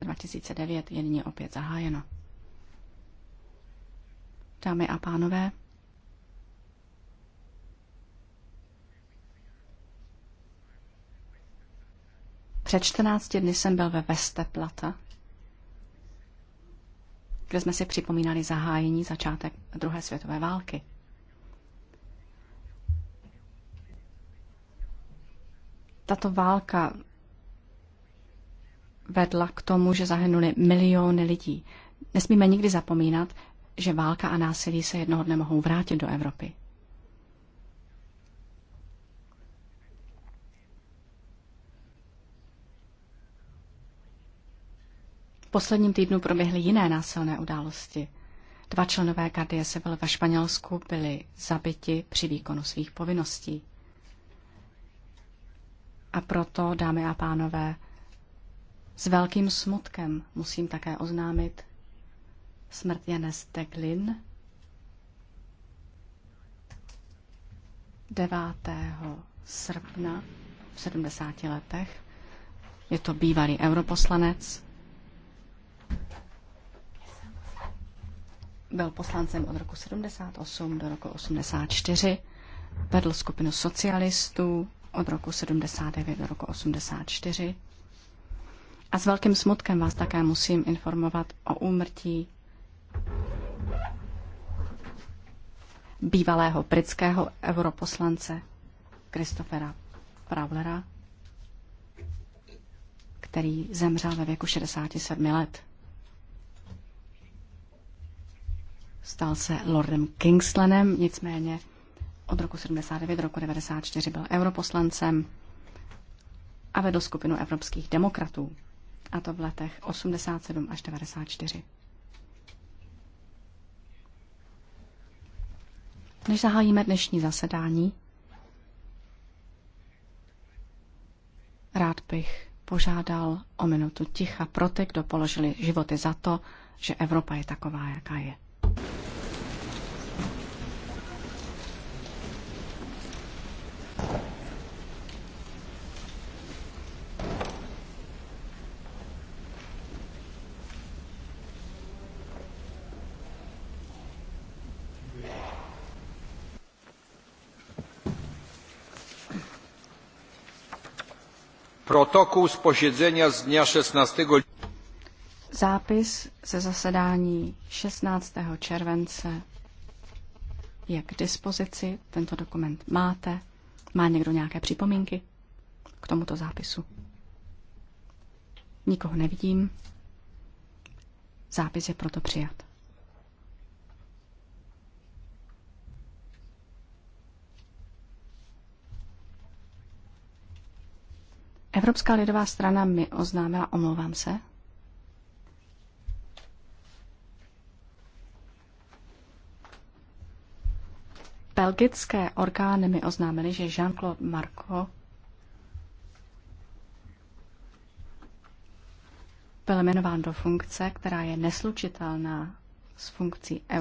2009 je nyní opět zahájeno. Dámy a pánové, před 14 dny jsem byl ve Vesteplata, kde jsme si připomínali zahájení začátek druhé světové války. Tato válka vedla k tomu, že zahynuli miliony lidí. Nesmíme nikdy zapomínat, že válka a násilí se jednoho dne mohou vrátit do Evropy. V posledním týdnu proběhly jiné násilné události. Dva členové Gardie Civil ve Španělsku byli zabiti při výkonu svých povinností. A proto, dámy a pánové, s velkým smutkem musím také oznámit smrt Janes Steglin 9. srpna v 70 letech. Je to bývalý europoslanec. Byl poslancem od roku 78 do roku 84. Vedl skupinu socialistů od roku 79 do roku 84 a s velkým smutkem vás také musím informovat o úmrtí bývalého britského europoslance Christophera Pravlera, který zemřel ve věku 67 let. Stal se lordem Kingslenem, nicméně od roku 79 do roku 94 byl europoslancem a vedl skupinu evropských demokratů a to v letech 87 až 94. Než zahájíme dnešní zasedání, rád bych požádal o minutu ticha pro ty, kdo položili životy za to, že Evropa je taková, jaká je. Protokół z posiedzenia z dnia 16. Zápis ze zasedání 16. července je k dispozici. Tento dokument máte. Má někdo nějaké připomínky k tomuto zápisu? Nikoho nevidím. Zápis je proto přijat. Evropská lidová strana mi oznámila, omlouvám se. Belgické orgány mi oznámily, že Jean-Claude Marco byl jmenován do funkce, která je neslučitelná s funkcí Evropské